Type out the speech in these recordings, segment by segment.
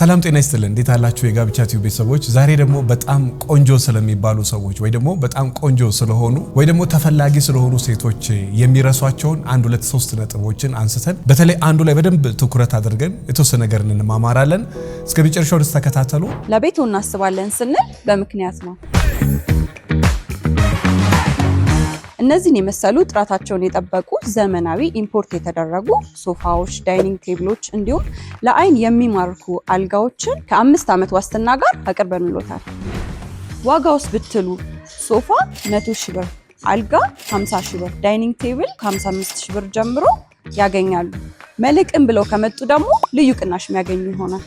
ሰላም ጤና ይስጥልን። እንዴት አላችሁ? የጋብቻ ቲዩብ ቤተሰቦች፣ ዛሬ ደግሞ በጣም ቆንጆ ስለሚባሉ ሰዎች ወይ ደግሞ በጣም ቆንጆ ስለሆኑ ወይ ደግሞ ተፈላጊ ስለሆኑ ሴቶች የሚረሷቸውን አንድ ሁለት ሶስት ነጥቦችን አንስተን በተለይ አንዱ ላይ በደንብ ትኩረት አድርገን የተወሰነ ነገር እንማማራለን። እስከ መጨረሻው ድረስ ተከታተሉ። ለቤቱ እናስባለን ስንል በምክንያት ነው። እነዚህን የመሰሉ ጥራታቸውን የጠበቁ ዘመናዊ ኢምፖርት የተደረጉ ሶፋዎች፣ ዳይኒንግ ቴብሎች እንዲሁም ለአይን የሚማርኩ አልጋዎችን ከአምስት ዓመት ዋስትና ጋር አቅርበንሎታል። ዋጋ ውስጥ ብትሉ ሶፋ 100 ሺ ብር፣ አልጋ 50 ሺ ብር፣ ዳይኒንግ ቴብል ከ55 ሺ ብር ጀምሮ ያገኛሉ። መልሕቅን ብለው ከመጡ ደግሞ ልዩ ቅናሽ የሚያገኙ ይሆናል።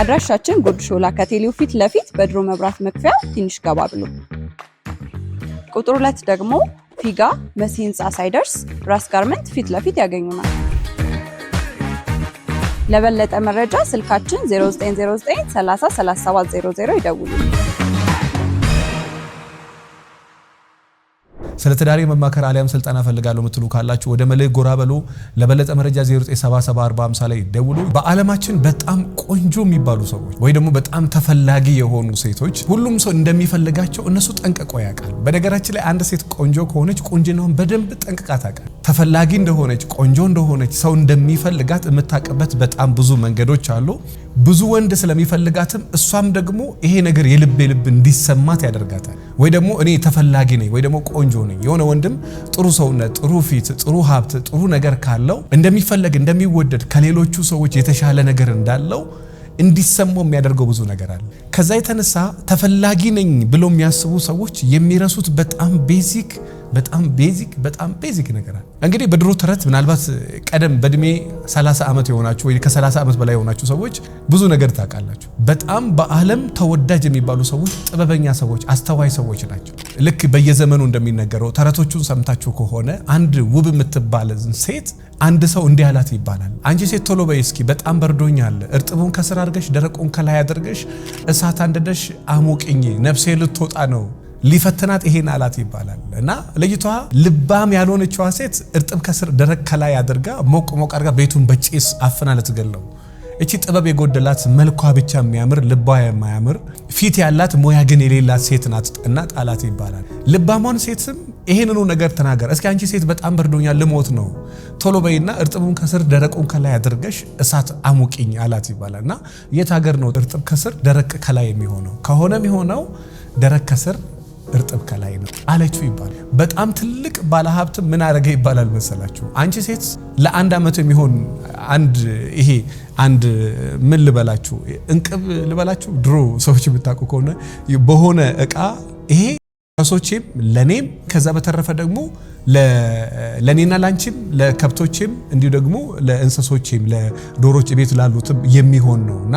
አድራሻችን ጉርድ ሾላ ከቴሌው ፊት ለፊት በድሮ መብራት መክፈያ ትንሽ ገባ ብሎ፣ ቁጥር ሁለት ደግሞ ፊጋ መሲ ህንፃ ሳይደርስ ራስ ጋርመንት ፊት ለፊት ያገኙናል። ለበለጠ መረጃ ስልካችን 0909 30 ስለ ትዳሬ መማከር አሊያም ስልጠና ፈልጋለሁ የምትሉ ካላችሁ ወደ መልሕቅ ጎራ በሉ። ለበለጠ መረጃ 097740 ላይ ደውሉ። በዓለማችን በጣም ቆንጆ የሚባሉ ሰዎች ወይ ደግሞ በጣም ተፈላጊ የሆኑ ሴቶች ሁሉም ሰው እንደሚፈልጋቸው እነሱ ጠንቅቆ ያውቃል። በነገራችን ላይ አንድ ሴት ቆንጆ ከሆነች ቆንጅናውን በደንብ ጠንቅቃ ታውቃል። ተፈላጊ እንደሆነች ቆንጆ እንደሆነች ሰው እንደሚፈልጋት የምታውቅበት በጣም ብዙ መንገዶች አሉ። ብዙ ወንድ ስለሚፈልጋትም እሷም ደግሞ ይሄ ነገር የልብ የልብ እንዲሰማት ያደርጋታል። ወይ ደግሞ እኔ ተፈላጊ ነኝ ወይ ደግሞ ቆንጆ ነኝ። የሆነ ወንድም ጥሩ ሰውነት፣ ጥሩ ፊት፣ ጥሩ ሀብት፣ ጥሩ ነገር ካለው እንደሚፈለግ እንደሚወደድ፣ ከሌሎቹ ሰዎች የተሻለ ነገር እንዳለው እንዲሰማው የሚያደርገው ብዙ ነገር አለ። ከዛ የተነሳ ተፈላጊ ነኝ ብሎ የሚያስቡ ሰዎች የሚረሱት በጣም ቤዚክ በጣም ቤዚክ በጣም ቤዚክ ነገር አለ። እንግዲህ በድሮ ተረት ምናልባት ቀደም በእድሜ 30 ዓመት የሆናችሁ ወይ ከ30 ዓመት በላይ የሆናችሁ ሰዎች ብዙ ነገር ታውቃላችሁ። በጣም በዓለም ተወዳጅ የሚባሉ ሰዎች ጥበበኛ ሰዎች፣ አስተዋይ ሰዎች ናቸው። ልክ በየዘመኑ እንደሚነገረው ተረቶቹን ሰምታችሁ ከሆነ አንድ ውብ የምትባል ሴት አንድ ሰው እንዲህ አላት ይባላል። አንቺ ሴት ቶሎ በይ እስኪ በጣም በርዶኛል፣ እርጥቡን ከስር አድርገሽ ደረቁን ከላይ አድርገሽ እሳት አንድደሽ አሞቅኝ፣ ነፍሴ ልትወጣ ነው ሊፈትናት ይሄን አላት ይባላል እና ልጅቷ ልባም ያልሆነችዋ ሴት እርጥብ ከስር ደረቅ ከላይ አድርጋ ሞቅ ሞቅ አድርጋ ቤቱን በጭስ አፍና ልትገለው እቺ ጥበብ የጎደላት መልኳ ብቻ የሚያምር ልቧ የማያምር ፊት ያላት ሙያ ግን የሌላት ሴት ናት እና ጣላት ይባላል። ልባሟን ሴትም ይሄንኑ ነገር ተናገር። እስኪ አንቺ ሴት በጣም በርዶኛ ልሞት ነው፣ ቶሎ በይና እርጥቡን ከስር ደረቁን ከላይ አድርገሽ እሳት አሙቂኝ አላት ይባላል እና የት ሀገር ነው እርጥብ ከስር ደረቅ ከላይ የሚሆነው? ከሆነም የሆነው ደረቅ ከስር እርጥብ ከላይ ነው አለችው ይባላል። በጣም ትልቅ ባለሀብት ምን አረገ ይባላል መሰላችሁ? አንቺ ሴት ለአንድ ዓመት የሚሆን አንድ ይሄ አንድ ምን ልበላችሁ፣ እንቅብ ልበላችሁ፣ ድሮ ሰዎች የምታውቁ ከሆነ በሆነ እቃ ይሄ ከሶቼም ለኔም ከዛ በተረፈ ደግሞ ለኔና ላንቺም ለከብቶቼም እንዲሁ ደግሞ ለእንስሶቼም ለዶሮች ቤት ላሉትም የሚሆን ነውና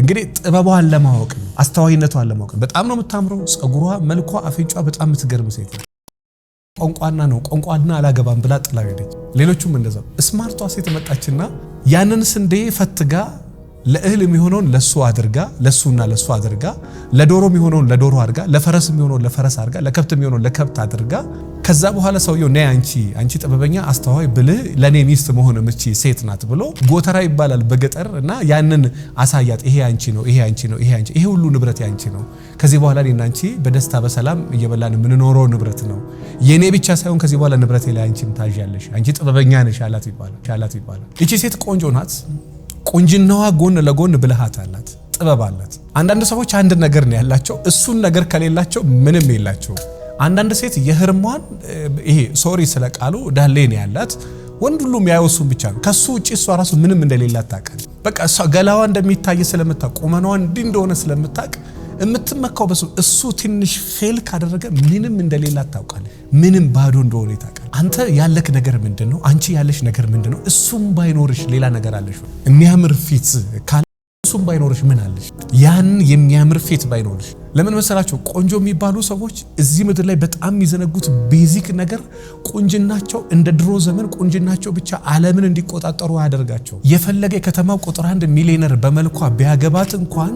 እንግዲህ ጥበቧን ለማወቅ አስተዋይነቷን ለማወቅ በጣም ነው የምታምረው። ፀጉሯ፣ መልኳ፣ አፍንጫ በጣም የምትገርም ሴት ነው። ቋንቋና ነው ቋንቋና አላገባም ብላ ጥላ ሄደች። ሌሎቹም እንደዛ ስማርቷ ሴት መጣችና ያንን ስንዴ ፈትጋ ለእህል የሚሆነውን ለሱ አድርጋ ለሱና ለሱ አድርጋ ለዶሮ የሚሆነውን ለዶሮ አድርጋ ለፈረስ የሚሆነውን ለፈረስ አድርጋ ለከብት የሚሆነውን ለከብት አድርጋ ከዛ በኋላ ሰውየው ነይ አንቺ አንቺ ጥበበኛ አስተዋይ ብልህ ለእኔ ሚስት መሆን ምቺ ሴት ናት ብሎ ጎተራ ይባላል በገጠር እና ያንን አሳያት። ይሄ አንቺ ነው፣ ይሄ አንቺ ነው፣ ይሄ አንቺ ይሄ ሁሉ ንብረት ያንቺ ነው። ከዚህ በኋላ እኔና አንቺ በደስታ በሰላም እየበላን የምንኖረው ንብረት ነው የእኔ ብቻ ሳይሆን ከዚህ በኋላ ንብረት ላይ አንቺም ታዣለሽ፣ አንቺ ጥበበኛ ነሽ አላት ይባላል። እቺ ሴት ቆንጆ ናት። ቁንጅናዋ ጎን ለጎን ብልሃት አላት፣ ጥበብ አላት። አንዳንድ ሰዎች አንድ ነገር ነው ያላቸው፣ እሱን ነገር ከሌላቸው ምንም የላቸው። አንዳንድ ሴት የህርሟን ይሄ ሶሪ ስለ ቃሉ ዳሌ ነው ያላት ወንድ ሁሉ የሚያወሱን ብቻ ነው። ከሱ ውጭ እሷ ራሱ ምንም እንደሌላት ታውቃል። በቃ ገላዋ እንደሚታይ ስለምታውቅ ቁመናዋ እንዲህ እንደሆነ ስለምታውቅ የምትመካው በሰው እሱ ትንሽ ፌል ካደረገ ምንም እንደሌላ ታውቃል። ምንም ባዶ እንደሆነ ታውቃል። አንተ ያለክ ነገር ምንድን ነው? አንቺ ያለሽ ነገር ምንድን ነው? እሱም ባይኖርሽ ሌላ ነገር አለሽ። የሚያምር ፊት ካለ እሱም ባይኖርሽ ምን አለሽ? ያን የሚያምር ፊት ባይኖርሽ ለምን መሰላቸው? ቆንጆ የሚባሉ ሰዎች እዚህ ምድር ላይ በጣም የሚዘነጉት ቤዚክ ነገር ቁንጅናቸው እንደ ድሮ ዘመን ቁንጅናቸው ብቻ ዓለምን እንዲቆጣጠሩ አያደርጋቸው። የፈለገ የከተማው ቁጥር አንድ ሚሊዮነር በመልኳ ቢያገባት እንኳን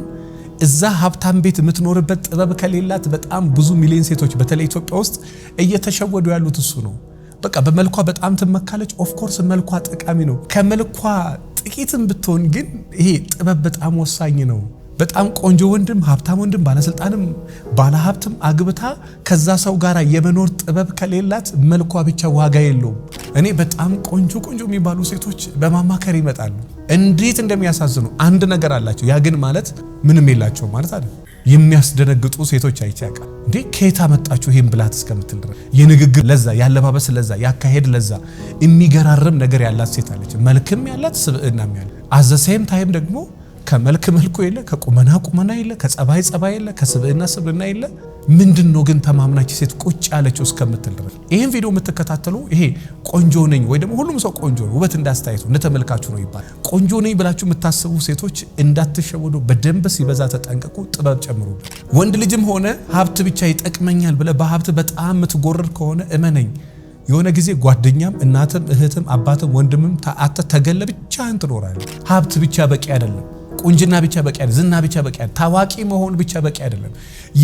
እዛ ሀብታም ቤት የምትኖርበት ጥበብ ከሌላት በጣም ብዙ ሚሊዮን ሴቶች በተለይ ኢትዮጵያ ውስጥ እየተሸወዱ ያሉት እሱ ነው። በቃ በመልኳ በጣም ትመካለች። ኦፍኮርስ መልኳ ጠቃሚ ነው። ከመልኳ ጥቂትም ብትሆን ግን ይሄ ጥበብ በጣም ወሳኝ ነው። በጣም ቆንጆ ወንድም፣ ሀብታም ወንድም፣ ባለስልጣንም ባለሀብትም አግብታ ከዛ ሰው ጋር የመኖር ጥበብ ከሌላት መልኳ ብቻ ዋጋ የለውም። እኔ በጣም ቆንጆ ቆንጆ የሚባሉ ሴቶች በማማከር ይመጣሉ። እንዴት እንደሚያሳዝኑ አንድ ነገር አላቸው። ያ ግን ማለት ምንም የላቸው ማለት አለ። የሚያስደነግጡ ሴቶች አይቻቃ እንዴ ከየት አመጣችሁ ይህም ብላት እስከምትል ድረስ የንግግር ለዛ፣ ያለባበስ ለዛ፣ ያካሄድ ለዛ የሚገራርም ነገር ያላት ሴት አለች። መልክም ያላት ስብዕናም ያለ አዘሴም ታይም ደግሞ ከመልክ መልኩ የለ፣ ከቁመና ቁመና የለ፣ ከጸባይ ጸባይ የለ፣ ከስብዕና ስብዕና የለ። ምንድን ነው ግን ተማምናች ሴት ቁጭ ያለችው እስከምትል ድረስ ይህን ቪዲዮ የምትከታተሉ ይሄ ቆንጆ ነኝ ወይ ደግሞ ሁሉም ሰው ቆንጆ ነው ውበት እንዳስተያየቱ እንደተመልካችሁ ነው ይባላል። ቆንጆ ነኝ ብላችሁ የምታስቡ ሴቶች እንዳትሸወዱ በደንብ ሲበዛ ተጠንቀቁ፣ ጥበብ ጨምሩ። ወንድ ልጅም ሆነ ሀብት ብቻ ይጠቅመኛል ብለ በሀብት በጣም የምትጎርር ከሆነ እመነኝ የሆነ ጊዜ ጓደኛም እናትም እህትም አባትም ወንድምም አተ ተገለ ብቻህን ትኖራለህ። ሀብት ብቻ በቂ አይደለም። ቁንጅና ብቻ በቂ አይደለም። ዝና ብቻ በቂ አይደለም። ታዋቂ መሆን ብቻ በቂ አይደለም።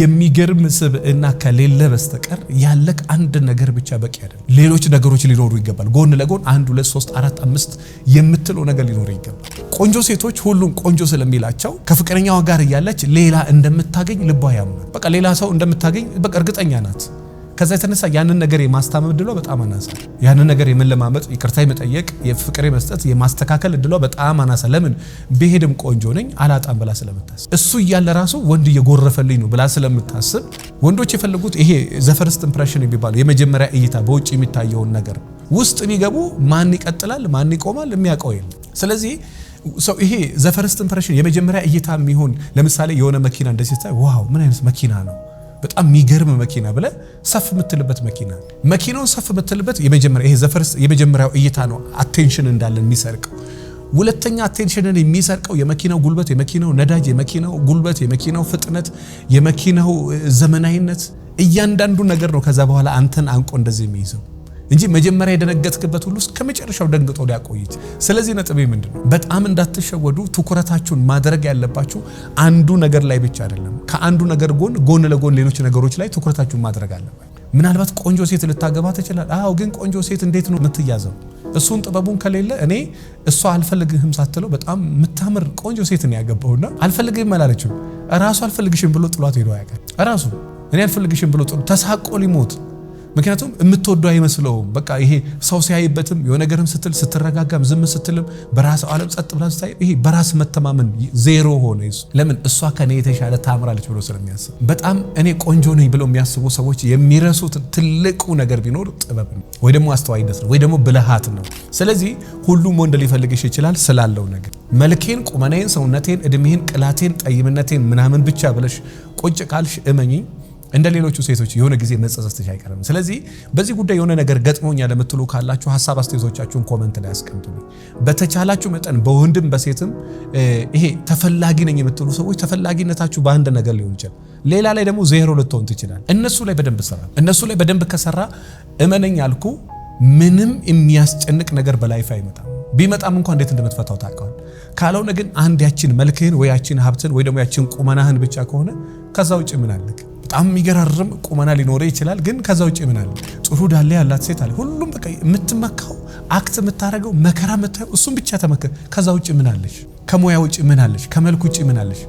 የሚገርም ስብዕና ከሌለ በስተቀር ያለ አንድ ነገር ብቻ በቂ አይደለም። ሌሎች ነገሮች ሊኖሩ ይገባል። ጎን ለጎን አንድ፣ ሁለት፣ ሶስት፣ አራት፣ አምስት የምትለው ነገር ሊኖር ይገባል። ቆንጆ ሴቶች ሁሉም ቆንጆ ስለሚላቸው ከፍቅረኛዋ ጋር እያለች ሌላ እንደምታገኝ ልቧ ያምናል። በቃ ሌላ ሰው እንደምታገኝ በቃ እርግጠኛ ናት። ከዛ የተነሳ ያንን ነገር የማስታመም እድሏ በጣም አናሳ፣ ያንን ነገር የመለማመጥ ይቅርታ የመጠየቅ የፍቅር መስጠት የማስተካከል እድሏ በጣም አናሳ። ለምን ብሄድም ቆንጆ ነኝ አላጣም ብላ ስለምታስብ፣ እሱ እያለ ራሱ ወንድ እየጎረፈልኝ ነው ብላ ስለምታስብ፣ ወንዶች የፈለጉት ይሄ ዘፈርስት ኢምፕሬሽን የሚባለው የመጀመሪያ እይታ በውጭ የሚታየውን ነገር ውስጥ ቢገቡ ማን ይቀጥላል ማን ይቆማል የሚያውቀው የለም። ስለዚህ ሰው ይሄ ዘፈርስት ኢምፕሬሽን የመጀመሪያ እይታ የሚሆን ለምሳሌ የሆነ መኪና እንደዚህ ስታይ ዋው ምን አይነት መኪና ነው በጣም የሚገርም መኪና ብለ ሰፍ የምትልበት መኪና መኪናውን ሰፍ የምትልበት ዘፈርስ የመጀመሪያው እይታ ነው። አቴንሽን እንዳለን የሚሰርቀው ሁለተኛ አቴንሽንን የሚሰርቀው የመኪናው ጉልበት፣ የመኪናው ነዳጅ፣ የመኪናው ጉልበት፣ የመኪናው ፍጥነት፣ የመኪናው ዘመናዊነት እያንዳንዱ ነገር ነው። ከዛ በኋላ አንተን አንቆ እንደዚህ የሚይዘው እንጂ መጀመሪያ የደነገጥክበት ሁሉ እስከ መጨረሻው ደንግጦ ሊያቆይት። ስለዚህ ነጥቤ ምንድን ነው? በጣም እንዳትሸወዱ። ትኩረታችሁን ማድረግ ያለባችሁ አንዱ ነገር ላይ ብቻ አይደለም። ከአንዱ ነገር ጎን ጎን ለጎን ሌሎች ነገሮች ላይ ትኩረታችሁን ማድረግ አለባችሁ። ምናልባት ቆንጆ ሴት ልታገባ ትችላል። አዎ፣ ግን ቆንጆ ሴት እንዴት ነው የምትያዘው? እሱን ጥበቡን ከሌለ እኔ እሷ አልፈልግህም ሳትለው በጣም የምታምር ቆንጆ ሴት ነው ያገባውና አልፈልግህም አላለችም። ራሱ አልፈልግሽም ብሎ ጥሏት ሄዶ ያቀ ራሱ እኔ አልፈልግሽም ብሎ ተሳቆ ሊሞት ምክንያቱም የምትወደው አይመስለውም። በቃ ይሄ ሰው ሲያይበትም የሆነ ነገርም ስትል ስትረጋጋም ዝም ስትልም በራስ ዓለም ጸጥ ብላ ስታይ ይሄ በራስ መተማመን ዜሮ ሆነ። ለምን እሷ ከኔ የተሻለ ታምራለች ብሎ ስለሚያስብ በጣም እኔ ቆንጆ ነኝ ብለው የሚያስቡ ሰዎች የሚረሱት ትልቁ ነገር ቢኖር ጥበብ ነው ወይ ደግሞ አስተዋይነት ነው ወይ ደግሞ ብልሃት ነው። ስለዚህ ሁሉም ወንድ ሊፈልግሽ ይችላል ስላለው ነገር መልኬን፣ ቁመናዬን፣ ሰውነቴን፣ እድሜህን፣ ቅላቴን፣ ጠይምነቴን ምናምን ብቻ ብለሽ ቁጭ ካልሽ እመኝኝ እንደ ሌሎቹ ሴቶች የሆነ ጊዜ መጸጸትሽ አይቀርም። ስለዚህ በዚህ ጉዳይ የሆነ ነገር ገጥሞኛ ለምትሉ ካላችሁ ሀሳብ አስተያየቶቻችሁን ኮመንት ላይ አስቀምጡልኝ። በተቻላችሁ መጠን በወንድም በሴትም ይሄ ተፈላጊ ነኝ የምትሉ ሰዎች ተፈላጊነታችሁ በአንድ ነገር ሊሆን ይችላል፣ ሌላ ላይ ደግሞ ዜሮ ልትሆን ትችላል። እነሱ ላይ በደንብ ሰራ እነሱ ላይ በደንብ ከሰራ እመነኝ አልኩ ምንም የሚያስጨንቅ ነገር በላይፍ አይመጣም። ቢመጣም እንኳ እንዴት እንደምትፈታው ታውቀዋል። ካልሆነ ግን አንድ ያችን መልክህን ወይ ያችን ሀብትን ወይ ደግሞ ያችን ቁመናህን ብቻ ከሆነ ከዛ ውጭ ምን አለክ? በጣም የሚገራርም ቁመና ሊኖረ ይችላል። ግን ከዛ ውጭ ምናል ጥሩ ዳሌ ያላት ሴት አለ። ሁሉም በቃ የምትመካው አክት የምታደርገው መከራ የምታየው እሱም ብቻ ተመከ። ከዛ ውጭ ምናለሽ? ከሙያ ውጭ ምናለሽ? ከመልክ ውጭ ምናለሽ?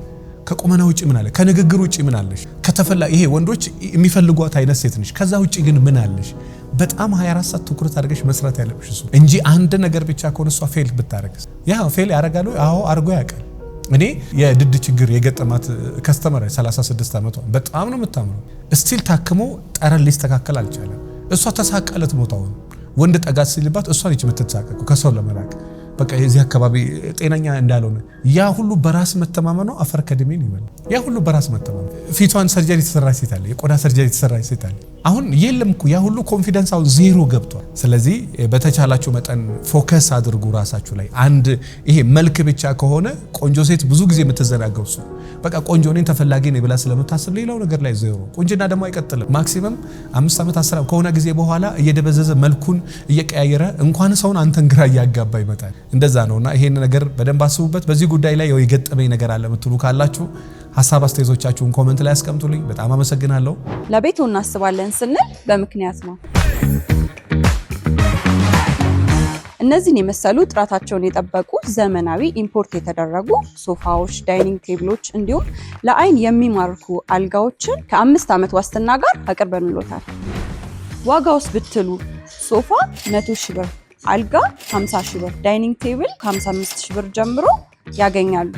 ከቁመና ውጭ ምናለሽ? ከንግግር ውጭ ምናለሽ? ከተፈላ ይሄ ወንዶች የሚፈልጓት አይነት ሴት ነሽ። ከዛ ውጭ ግን ምናለሽ? በጣም 24 ሰዓት ትኩረት አድርገሽ መስራት ያለብሽ እሱ እንጂ አንድ ነገር ብቻ ከሆነ እሷ ፌል ብታደርግ ያ ፌል ያደርጋሉ። አዎ አድርጎ ያውቃል። እኔ የድድ ችግር የገጠማት ከስተመር 36 ዓመቷ በጣም ነው የምታምረው። ስቲል ታክሞ ጠረን ሊስተካከል አልቻለም። እሷ ተሳቃለት ሞታውን ወንድ ጠጋት ሲልባት እሷን ይች የምትሳቀቀው ከሰው ለመራቅ በቃ የዚህ አካባቢ ጤነኛ እንዳልሆነ ያ ሁሉ በራስ መተማመኑ አፈር ከድሜን ይበላል። ያ ሁሉ በራስ መተማመን ፊቷን ሰርጀሪ የተሰራ ሴት አለ፣ የቆዳ ሰርጀሪ የተሰራች ሴት አለ። አሁን የለም እኮ ያ ሁሉ ኮንፊደንስ አሁን ዜሮ ገብቷል። ስለዚህ በተቻላችሁ መጠን ፎከስ አድርጉ ራሳችሁ ላይ። አንድ ይሄ መልክ ብቻ ከሆነ ቆንጆ ሴት ብዙ ጊዜ የምትዘናገው እሱ በቃ ቆንጆ እኔን ተፈላጊ ነው ብላ ስለምታስብ ሌላው ነገር ላይ ዜሮ። ቁንጅና ደግሞ አይቀጥልም። ማክሲመም አምስት ዓመት አስር ከሆነ ጊዜ በኋላ እየደበዘዘ መልኩን እየቀያየረ እንኳን ሰውን አንተን ግራ እያጋባ ይመጣል። እንደዛ ነውና ይሄን ነገር በደንብ አስቡበት። በዚህ ጉዳይ ላይ ያው የገጠመኝ ነገር አለ የምትሉ ካላችሁ ሀሳብ አስተያየቶቻችሁን ኮመንት ላይ አስቀምጡልኝ። በጣም አመሰግናለሁ። ለቤቱ እናስባለን ስንል በምክንያት ነው። እነዚህን የመሰሉ ጥራታቸውን የጠበቁ ዘመናዊ ኢምፖርት የተደረጉ ሶፋዎች፣ ዳይኒንግ ቴብሎች እንዲሁም ለአይን የሚማርኩ አልጋዎችን ከአምስት ዓመት ዋስትና ጋር አቅርበንሎታል። ዋጋ ውስጥ ብትሉ ሶፋ መቶ ሺህ ብር አልጋ 50 ሺህ ብር፣ ዳይኒንግ ቴብል ከ55 ሺህ ብር ጀምሮ ያገኛሉ።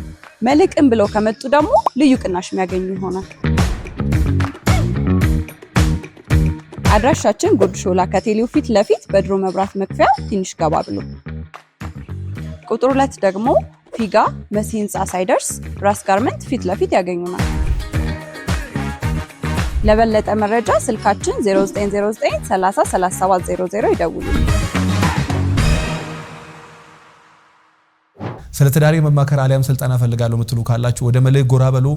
መልሕቅን ብለው ከመጡ ደግሞ ልዩ ቅናሽ የሚያገኙ ይሆናል። አድራሻችን ጉርድ ሾላ ከቴሌው ፊት ለፊት በድሮ መብራት መክፈያ ትንሽ ገባ ብሎ፣ ቁጥር ሁለት ደግሞ ፊጋ መሲ ህንፃ ሳይደርስ ራስ ጋርመንት ፊት ለፊት ያገኙናል። ለበለጠ መረጃ ስልካችን 0909 30 3700 ይደውሉ። ስለ ትዳሬ መማከር አሊያም ስልጠና ፈልጋለሁ የምትሉ ካላችሁ ወደ መልሕቅ ጎራ በሉ።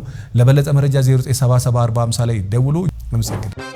ለበለጠ መረጃ 097745 ላይ ደውሉ። አመሰግናለሁ።